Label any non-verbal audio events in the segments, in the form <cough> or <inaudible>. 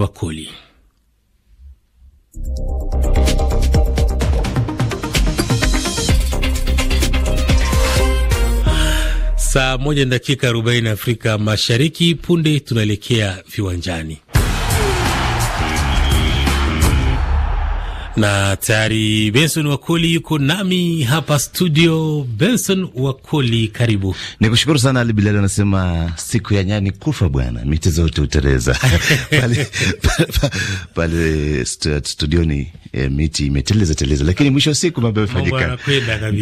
Wakoli saa moja na dakika arobaini Afrika Mashariki. Punde tunaelekea viwanjani. na tayari Benson Wakoli yuko nami hapa studio. Benson Wakoli, karibu. Ni kushukuru sana. Ali Bilali anasema siku ya nyani kufa bwana, miti zote utereza <laughs> pale, pale, pale studioni e, miti imeteleza teleza, lakini mwisho wa siku mambo yamefanyika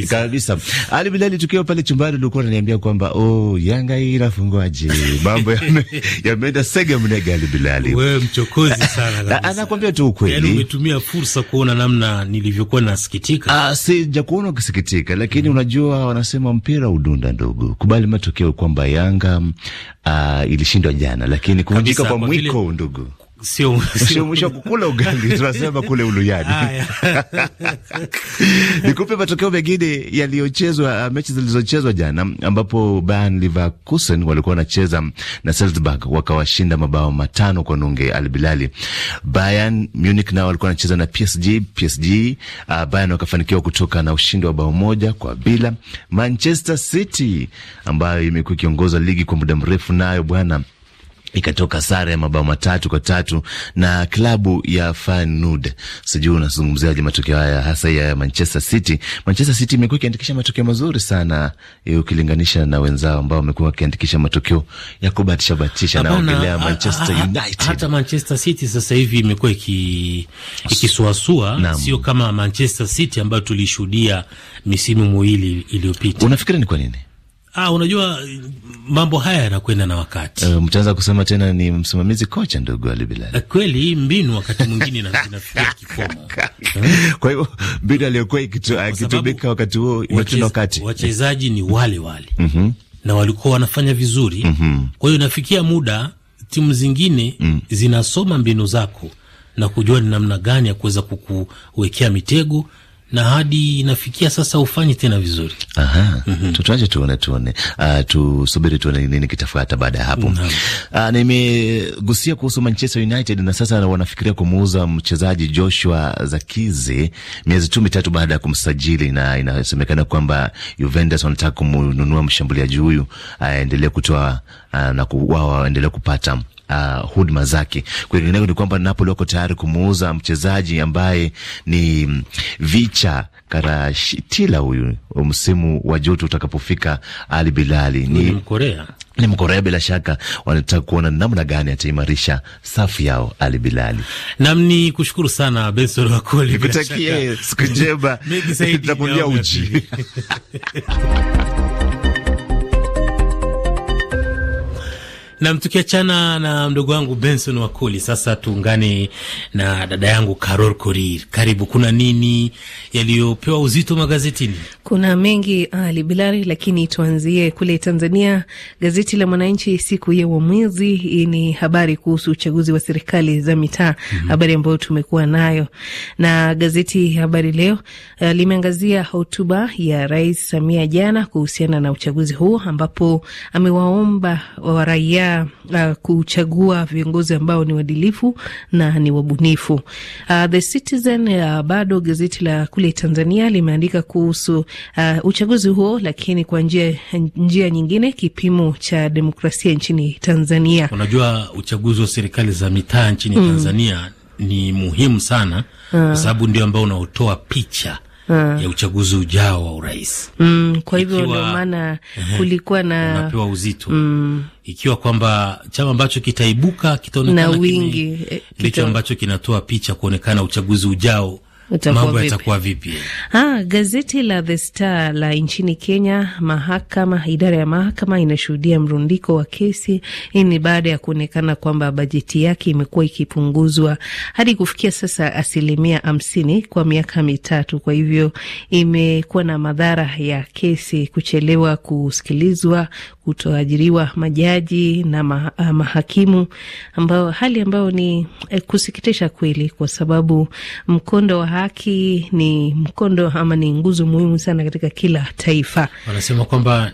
kabisa Ali Bilali, tukiwa pale chumbani, ulikuwa unaniambia kwamba oh, Yanga hii inafungwaje? mambo <laughs> yameenda ya sega mnege. Ali Bilali, wewe mchokozi sana kabisa. Anakuambia tu ukweli, yani umetumia fursa kuona namna nilivyokuwa nasikitika. Ah, sija kuona ukisikitika, lakini mm, unajua wanasema mpira udunda ndugu, kubali matokeo kwamba Yanga uh, ilishindwa jana, lakini kuvunjika kwa mwiko ndugu sio <laughs> sio mwisho kukula ugali, <laughs> tunasema kule uluyani. <laughs> Nikupe matokeo mengine yaliyochezwa, uh, mechi zilizochezwa jana, ambapo Bayer Leverkusen walikuwa wanacheza na Salzburg wakawashinda mabao matano kwa nunge albilali. Bayern Munich nao walikuwa wanacheza na PSG, PSG uh, Bayern wakafanikiwa kutoka na ushindi wa bao moja kwa bila. Manchester City ambayo imekuwa ikiongoza ligi kwa muda mrefu, nayo bwana ikatoka sare ya mabao matatu kwa tatu na klabu ya Feyenoord. Sijui unazungumziaje matokeo haya hasa ya Manchester City? Manchester City imekuwa ikiandikisha matokeo mazuri sana e, ukilinganisha na wenzao ambao wamekuwa wakiandikisha matokeo ya kubatisha batisha. Naongelea Manchester United. Hata Manchester City sasa hivi imekuwa ikisuasua, sio kama Manchester City ambayo tulishuhudia misimu miwili iliyopita. Unafikiri ni kwa nini? Ah, unajua mambo haya yanakwenda na wakati. Uh, mtaanza kusema tena ni msimamizi kocha ndugu Ali Bilal. Eh, kweli hii mbinu wakati mwingine inafikia kikomo. <laughs> Kwa hivyo mbinu aliyokuwa ikitumika wakati huo imetunda wakati. Wachezaji ni wale wale. Mm -hmm. Na walikuwa wanafanya vizuri. Mm -hmm. Kwa hiyo inafikia muda timu zingine mm, zinasoma mbinu zako na kujua ni namna gani ya kuweza kukuwekea mitego na hadi inafikia sasa ufanyi tena vizuri. Aha, mm -hmm. Tutaje tuone, tuone uh, tusubiri tuone nini kitafuata baada ya hapo. Uh, nimegusia kuhusu Manchester United na sasa wanafikiria kumuuza mchezaji Joshua Zakizi miezi tu mitatu baada ya kumsajili, na inasemekana kwamba Juventus wanataka kumnunua mshambuliaji huyu aendelee uh, kutoa uh, na wao waendelee kupata uh, huduma zake. Kwingineko ni kwamba Napoli wako tayari kumuuza mchezaji ambaye ni mm, Vicha Karashitila, huyu msimu wa joto utakapofika. Ali Bilali ni Mkorea, ni Mkorea bila shaka, wanataka kuona namna gani ataimarisha safu yao. Ali Bilali nam, ni kushukuru sana Benson Wakoli, nikutakie siku njema, tutakuambia uji <laughs> Nam, tukiachana na mdogo wangu Benson Wakoli, sasa tuungane na dada yangu Carol Korir. Karibu, kuna nini yaliyopewa uzito magazetini? Kuna mengi Ali ah, Bilari, lakini tuanzie kule Tanzania. Gazeti la Mwananchi siku ya uamuzi, hii ni habari kuhusu uchaguzi wa serikali za mitaa mm -hmm. habari ambayo tumekuwa nayo, na gazeti Habari Leo uh, limeangazia hotuba ya Rais Samia jana kuhusiana na uchaguzi huo, ambapo amewaomba wa raia kuelekea uh, kuchagua viongozi ambao ni wadilifu na ni wabunifu. Uh, The Citizen uh, bado gazeti la kule Tanzania limeandika kuhusu uh, uchaguzi huo, lakini kwa njia, njia nyingine, kipimo cha demokrasia nchini Tanzania. Unajua uchaguzi wa serikali za mitaa nchini mm. Tanzania ni muhimu sana kwa ah. sababu ndio ambao unaotoa picha Ha. Ah. ya uchaguzi ujao wa urais mm, kwa hivyo ndio maana kulikuwa na unapewa uzito mm, ikiwa kwamba chama ambacho kitaibuka kitaonekana na wingi eh, ndicho kita... ambacho kinatoa picha kuonekana uchaguzi ujao mambo yatakuwa vipi? Ha, ah, gazeti la The Star la nchini Kenya, mahakama, idara ya mahakama inashuhudia mrundiko wa kesi. Hii ni baada ya kuonekana kwamba bajeti yake imekuwa ikipunguzwa hadi kufikia sasa asilimia hamsini kwa miaka mitatu. Kwa hivyo imekuwa na madhara ya kesi kuchelewa kusikilizwa, kutoajiriwa majaji na ma, ah, mahakimu ambao hali ambayo ni eh, kusikitisha kweli, kwa sababu mkondo wa haki ni mkondo ama ni nguzo muhimu sana katika kila taifa. Wanasema kwamba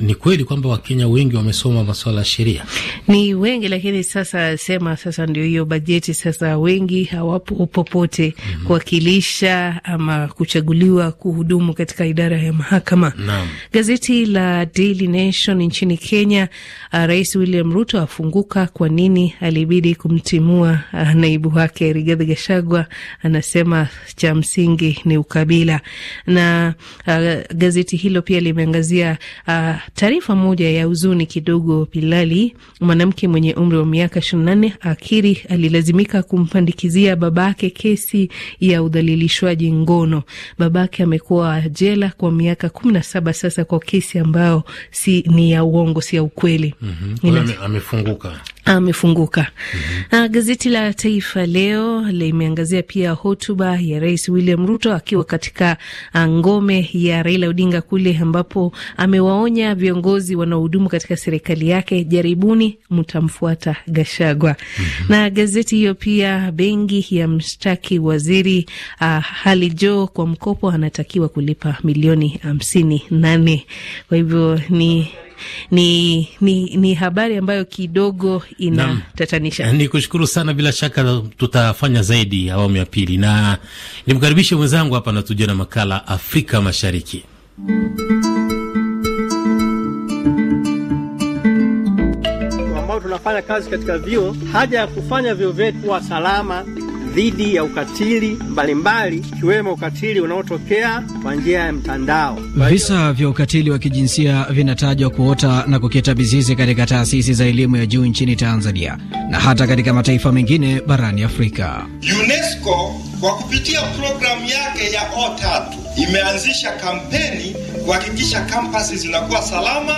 ni kweli kwamba Wakenya wengi wamesoma masuala ya sheria, ni wengi, lakini sasa sema sasa ndio hiyo bajeti sasa, wengi hawapo popote mm -hmm. kuwakilisha ama kuchaguliwa kuhudumu katika idara ya mahakama Naam. Gazeti la Daily Nation nchini Kenya, uh, Rais William Ruto afunguka kwa nini alibidi kumtimua uh, naibu wake Rigathi Gachagua. Anasema cha msingi ni ukabila na uh, gazeti hilo pia limeangazia uh, taarifa moja ya huzuni kidogo, Pilali, mwanamke mwenye umri wa miaka nne, akiri alilazimika kumpandikizia babake kesi ya udhalilishwaji ngono. Babake amekuwa jela kwa miaka kumi na saba sasa kwa kesi ambayo si ni ya uongo, si ya ukweli. mm -hmm. amefunguka amefunguka. mm -hmm. gazeti la Taifa Leo limeangazia pia hotuba ya Rais William Ruto akiwa katika ah, ngome ya Raila Odinga kule, ambapo amewaonya viongozi wanaohudumu katika serikali yake, jaribuni mtamfuata Gashagwa. mm -hmm. Na gazeti hiyo pia, benki ya mshtaki waziri uh, ah, Halijo kwa mkopo anatakiwa kulipa milioni hamsini nane. Kwa hivyo ni ni, ni, ni habari ambayo kidogo inatatanisha. Ni kushukuru sana, bila shaka tutafanya zaidi awamu ya pili, na nimkaribishe mwenzangu hapa natuja na makala Afrika Mashariki. tunafanya kazi katika vio, haja ya kufanya vio vyetu kuwa salama dhidi ya ukatili mbalimbali ikiwemo ukatili unaotokea kwa njia ya mtandao. Visa vya ukatili wa kijinsia vinatajwa kuota na kukita mizizi katika taasisi za elimu ya juu nchini Tanzania na hata katika mataifa mengine barani Afrika. UNESCO kwa kupitia programu yake ya O3 imeanzisha kampeni kuhakikisha kampasi zinakuwa salama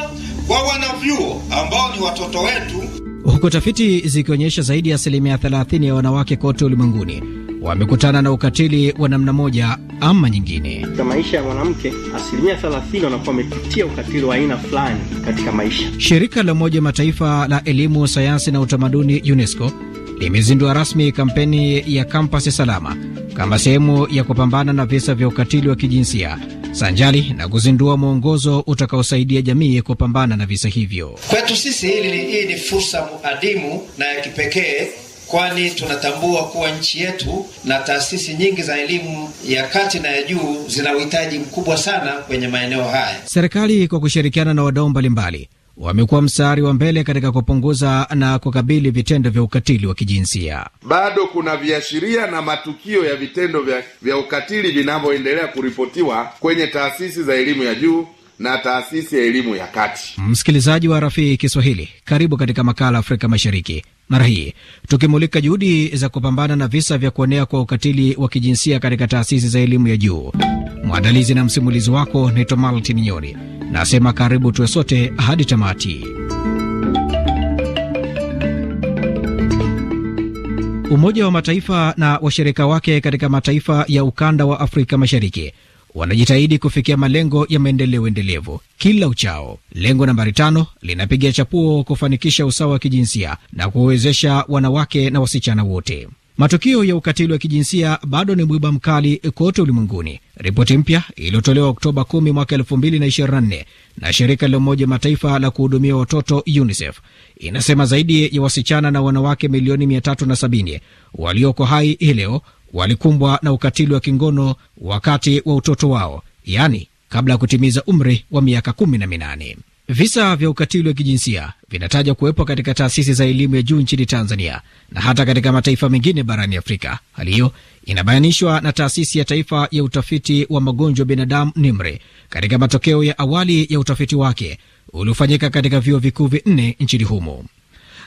kwa wanavyuo ambao ni watoto wetu huku tafiti zikionyesha zaidi ya asilimia 30 ya wanawake kote ulimwenguni wamekutana na ukatili wa namna moja ama nyingine. Katika maisha ya mwanamke, asilimia 30 wanakuwa wamepitia ukatili wa aina fulani katika maisha. Shirika la Umoja Mataifa la Elimu, Sayansi na Utamaduni, UNESCO, limezindua rasmi kampeni ya kampasi salama kama sehemu ya kupambana na visa vya ukatili wa kijinsia sanjari na kuzindua mwongozo utakaosaidia jamii kupambana na visa hivyo. Kwetu sisi hili hii ni fursa adimu na ya kipekee kwani tunatambua kuwa nchi yetu na taasisi nyingi za elimu ya kati na ya juu zina uhitaji mkubwa sana kwenye maeneo haya. Serikali kwa kushirikiana na wadau mbalimbali wamekuwa mstari wa mbele katika kupunguza na kukabili vitendo vya ukatili wa kijinsia. Bado kuna viashiria na matukio ya vitendo vya, vya ukatili vinavyoendelea kuripotiwa kwenye taasisi za elimu ya juu na taasisi ya elimu ya kati. Msikilizaji wa Rafii Kiswahili, karibu katika makala Afrika Mashariki. Mara hii tukimulika juhudi za kupambana na visa vya kuonea kwa ukatili wa kijinsia katika taasisi za elimu ya juu. Mwandalizi na msimulizi wako naitwa Maltin Nyoni. Nasema karibu tuwe sote hadi tamati. Umoja wa Mataifa na washirika wake katika mataifa ya ukanda wa Afrika Mashariki wanajitahidi kufikia malengo ya maendeleo endelevu kila uchao. Lengo nambari tano linapiga chapuo kufanikisha usawa wa kijinsia na kuwawezesha wanawake na wasichana wote. Matukio ya ukatili wa kijinsia bado ni mwiba mkali kote ulimwenguni. Ripoti mpya iliyotolewa Oktoba 10 mwaka 2024 na shirika la Umoja Mataifa la kuhudumia watoto UNICEF inasema zaidi ya wasichana na wanawake milioni 370 walioko hai hii leo walikumbwa na ukatili wa kingono wakati wa utoto wao, yaani kabla ya kutimiza umri wa miaka na minane Visa vya ukatili wa kijinsia vinatajwa kuwepo katika taasisi za elimu ya juu nchini Tanzania na hata katika mataifa mengine barani Afrika. Hali hiyo inabainishwa na taasisi ya taifa ya utafiti wa magonjwa binadamu NIMRI katika matokeo ya awali ya utafiti wake uliofanyika katika vyuo vikuu vinne nchini humo.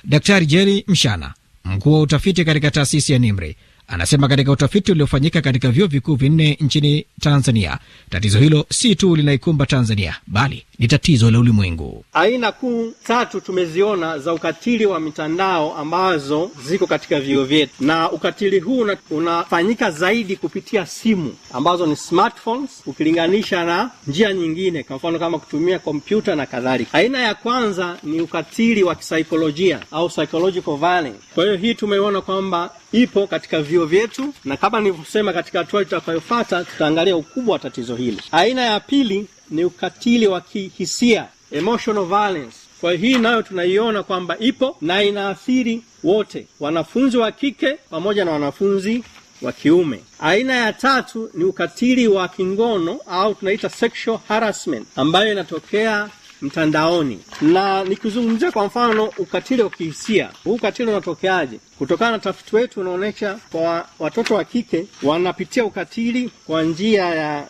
Daktari Jerry Mshana, mkuu wa utafiti katika taasisi ya NIMRI, anasema katika utafiti uliofanyika katika vyuo vikuu vinne nchini Tanzania, tatizo hilo si tu linaikumba Tanzania bali ni tatizo la ulimwengu. Aina kuu tatu tumeziona za ukatili wa mitandao ambazo ziko katika vio vyetu, na ukatili huu unafanyika zaidi kupitia simu ambazo ni smartphones, ukilinganisha na njia nyingine, kwa mfano kama kutumia kompyuta na kadhalika. Aina ya kwanza ni ukatili wa kisaikolojia au psychological violence. Kwa hiyo hii tumeona kwamba ipo katika vio vyetu, na kama nilivyosema katika hatua itakayofuata tutaangalia ukubwa wa tatizo hili. Aina ya pili ni ukatili wa kihisia, emotional violence. Kwa hii nayo tunaiona kwamba ipo na inaathiri wote, wanafunzi wa kike pamoja na wanafunzi wa kiume. Aina ya tatu ni ukatili wa kingono au tunaita sexual harassment ambayo inatokea mtandaoni, na nikizungumzia kwa mfano ukatili wa kihisia. Huu ukatili unatokeaje? Kutokana na tafiti wetu unaonyesha kwa watoto wa kike wanapitia ukatili kwa njia ya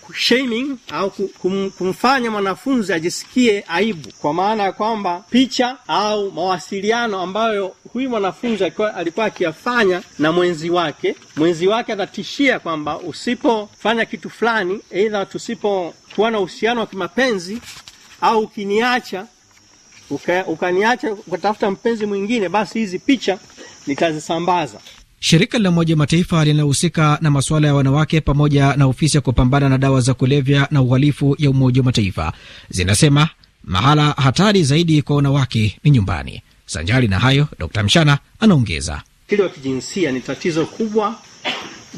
kushaming au kum, kumfanya mwanafunzi ajisikie aibu, kwa maana ya kwamba picha au mawasiliano ambayo huyu mwanafunzi alikuwa akiyafanya na mwenzi wake, mwenzi wake atatishia kwamba usipofanya kitu fulani, aidha tusipokuwa na uhusiano wa kimapenzi au ukiniacha ukaniacha ukatafuta mpenzi mwingine, basi hizi picha nitazisambaza. Shirika la Umoja Mataifa linalohusika na masuala ya wanawake pamoja na ofisi ya kupambana na dawa za kulevya na uhalifu ya Umoja wa Mataifa zinasema mahala hatari zaidi kwa wanawake ni nyumbani. Sanjari na hayo, Dr. Mshana anaongeza, ukatili wa kijinsia ni tatizo kubwa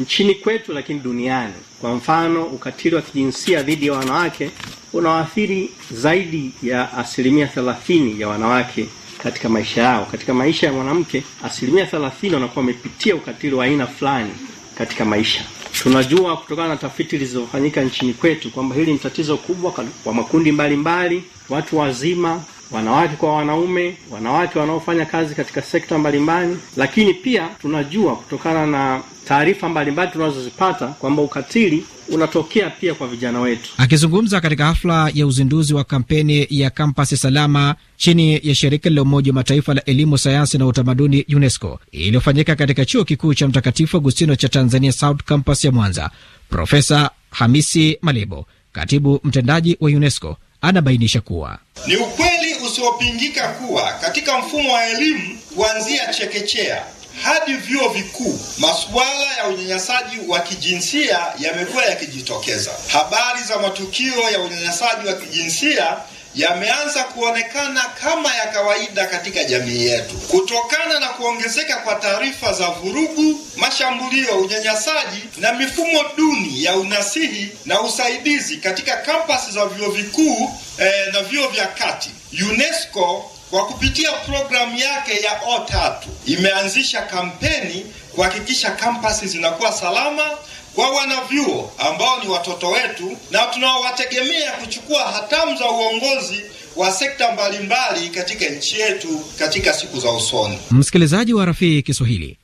nchini kwetu, lakini duniani. Kwa mfano, ukatili wa kijinsia dhidi ya wanawake unawaathiri zaidi ya asilimia thelathini ya wanawake katika maisha yao. Katika maisha ya mwanamke asilimia thelathini wanakuwa wamepitia ukatili wa aina fulani katika maisha. Tunajua kutokana na tafiti zilizofanyika nchini kwetu kwamba hili ni tatizo kubwa kwa makundi mbalimbali mbali, watu wazima wanawake kwa wanaume, wanawake wanaofanya kazi katika sekta mbalimbali. Lakini pia tunajua kutokana na taarifa mbalimbali tunazozipata kwamba ukatili unatokea pia kwa vijana wetu. Akizungumza katika hafla ya uzinduzi wa kampeni ya kampasi salama chini ya shirika la Umoja wa Mataifa la elimu, sayansi na utamaduni UNESCO iliyofanyika katika chuo kikuu cha Mtakatifu Agustino cha Tanzania South Campus ya Mwanza, Profesa Hamisi Malebo, katibu mtendaji wa UNESCO, anabainisha kuwa ni ukweli usiopingika kuwa katika mfumo wa elimu kuanzia chekechea hadi vyuo vikuu masuala ya unyanyasaji wa kijinsia yamekuwa yakijitokeza. Habari za matukio ya unyanyasaji wa kijinsia yameanza kuonekana kama ya kawaida katika jamii yetu kutokana na kuongezeka kwa taarifa za vurugu, mashambulio, unyanyasaji na mifumo duni ya unasihi na usaidizi katika kampasi za vyuo vikuu eh, na vyuo vya kati. UNESCO kwa kupitia programu yake ya O3 imeanzisha kampeni kuhakikisha kampasi zinakuwa salama kwa wanavyuo ambao ni watoto wetu na tunaowategemea kuchukua hatamu za uongozi wa sekta mbalimbali katika nchi yetu katika siku za usoni. Msikilizaji wa Rafii Kiswahili,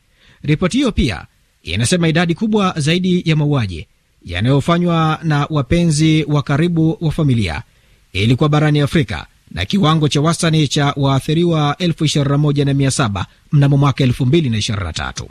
ripoti hiyo pia inasema idadi kubwa zaidi ya mauaji yanayofanywa na wapenzi wa karibu wa familia ilikuwa barani Afrika na kiwango cha wastani cha waathiriwa 21,700 mnamo mwaka 2023.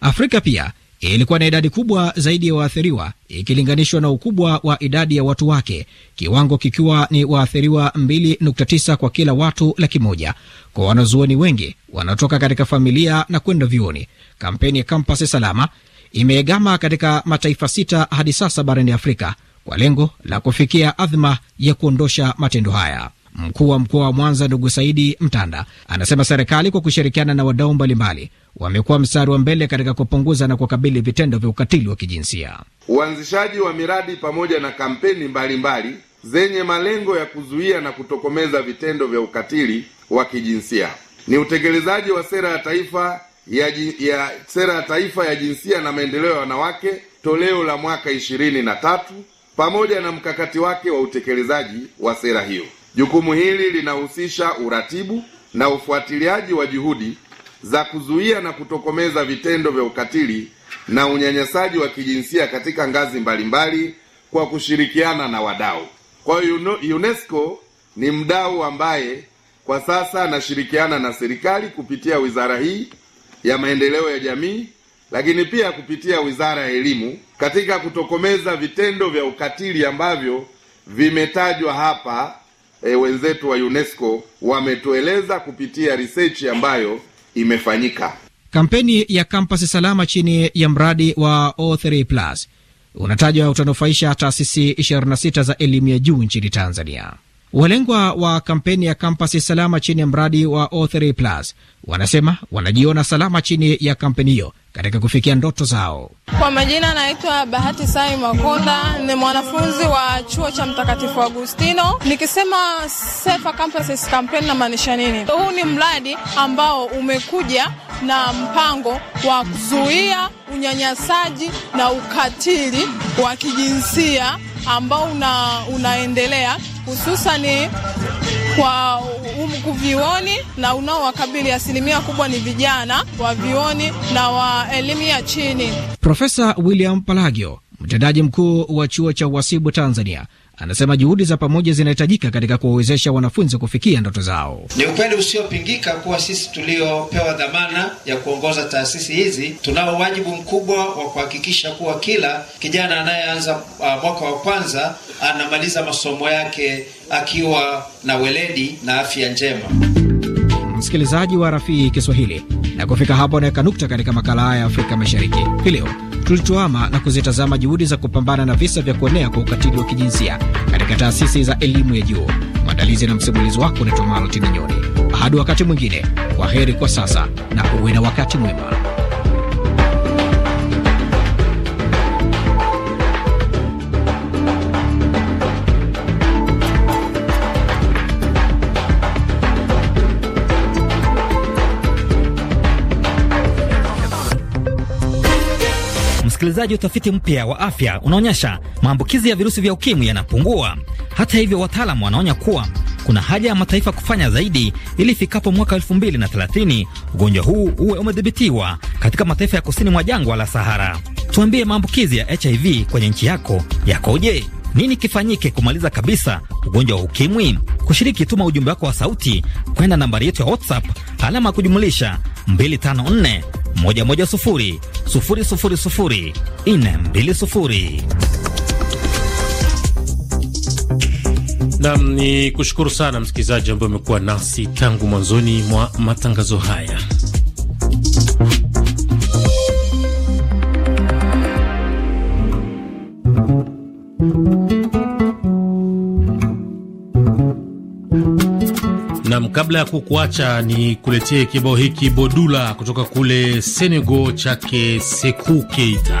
Afrika pia ilikuwa na idadi kubwa zaidi ya waathiriwa ikilinganishwa na ukubwa wa idadi ya watu wake, kiwango kikiwa ni waathiriwa 2.9 kwa kila watu laki moja. Kwa wanazuoni wengi wanaotoka katika familia na kwenda vyuoni, kampeni ya kampasi salama imeegama katika mataifa sita hadi sasa barani Afrika kwa lengo la kufikia adhma ya kuondosha matendo haya. Mkuu wa mkoa wa Mwanza ndugu Saidi Mtanda anasema serikali kwa kushirikiana na wadau mbalimbali wamekuwa mstari wa mbele katika kupunguza na kukabili vitendo vya ukatili wa kijinsia. Uanzishaji wa miradi pamoja na kampeni mbalimbali mbali zenye malengo ya kuzuia na kutokomeza vitendo vya ukatili wa kijinsia ni utekelezaji wa sera ya taifa ya, ya sera ya taifa ya jinsia na maendeleo ya wanawake toleo la mwaka ishirini na tatu pamoja na mkakati wake wa utekelezaji wa sera hiyo. Jukumu hili linahusisha uratibu na ufuatiliaji wa juhudi za kuzuia na kutokomeza vitendo vya ukatili na unyanyasaji wa kijinsia katika ngazi mbalimbali kwa kushirikiana na wadau. Kwa hiyo UNESCO ni mdau ambaye kwa sasa anashirikiana na serikali kupitia wizara hii ya maendeleo ya jamii, lakini pia kupitia wizara ya elimu katika kutokomeza vitendo vya ukatili ambavyo vimetajwa hapa. E, wenzetu wa UNESCO wametueleza kupitia research ambayo imefanyika. Kampeni ya kampasi salama chini ya mradi wa O3 Plus unatajwa utanufaisha taasisi 26 za elimu ya juu nchini Tanzania. Walengwa wa kampeni ya kampasi salama chini ya mradi wa O3 Plus wanasema wanajiona salama chini ya kampeni hiyo katika kufikia ndoto zao. Kwa majina anaitwa Bahati Sai Makonda, ni mwanafunzi wa chuo cha Mtakatifu Agustino. Nikisema Safer Campuses Campaign namaanisha nini? Huu ni mradi ambao umekuja na mpango wa kuzuia unyanyasaji na ukatili wa kijinsia ambao una, unaendelea hususani kwa huku vioni na unaowakabili asilimia kubwa ni vijana wa vioni na wa elimu ya chini. Profesa William Palagio, mtendaji mkuu wa chuo cha uhasibu Tanzania anasema juhudi za pamoja zinahitajika katika kuwawezesha wanafunzi kufikia ndoto zao. Ni ukweli usiopingika kuwa sisi tuliopewa dhamana ya kuongoza taasisi hizi tunao wajibu mkubwa wa kuhakikisha kuwa kila kijana anayeanza uh, mwaka wa kwanza anamaliza masomo yake akiwa na weledi na afya njema. Msikilizaji wa Rafii Kiswahili, na kufika hapo naweka nukta katika makala haya ya Afrika Mashariki hii leo tulituama na kuzitazama juhudi za kupambana na visa vya kuenea kwa ukatili wa kijinsia katika taasisi za elimu ya juu. Mwandalizi na msimulizi wako unaitwa Maltini Nyoni. Hadi wakati mwingine, kwa heri kwa sasa na uwe na wakati mwema. Msikilizaji, utafiti mpya wa afya unaonyesha maambukizi ya virusi vya ukimwi yanapungua. Hata hivyo, wataalamu wanaonya kuwa kuna haja ya mataifa kufanya zaidi ili ifikapo mwaka 2030 ugonjwa huu uwe umedhibitiwa katika mataifa ya kusini mwa jangwa la Sahara. Tuambie, maambukizi ya HIV kwenye nchi yako yakoje? Nini kifanyike kumaliza kabisa ugonjwa wa ukimwi? Kushiriki, tuma ujumbe wako wa sauti kwenda nambari yetu ya WhatsApp alama ya kujumulisha 254 110 mbili sufuri. Nam ni kushukuru sana msikilizaji ambaye umekuwa nasi tangu mwanzoni mwa matangazo haya. kabla ya kukuacha ni kuletee kibao hiki Bodula kutoka kule Senegal chake Sekou Keita.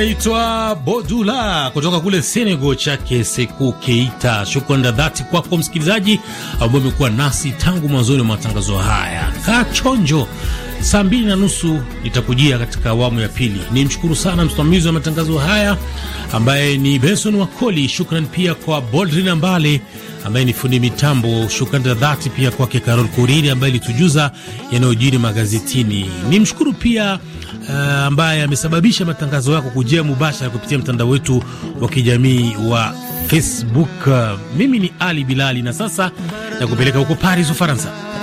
anaitwa Bodula kutoka kule Senegal chake seku Keita. Shukrani la dhati kwako msikilizaji ambao umekuwa nasi tangu mwanzoni wa matangazo haya. Kaa chonjo, saa mbili na nusu itakujia katika awamu ya pili. Ni mshukuru sana msimamizi wa matangazo haya ambaye ni Benson Wakoli. Shukrani pia kwa Boldrin Ambale ambaye ni fundi mitambo. Shukrani za dhati pia kwake Carol Kuriri ambaye ilitujuza yanayojiri magazetini. Ni mshukuru pia uh, ambaye amesababisha matangazo yako kujia mubashara kupitia mtandao wetu wa kijamii wa Facebook. Mimi ni Ali Bilali na sasa nakupeleka huko Paris, Ufaransa.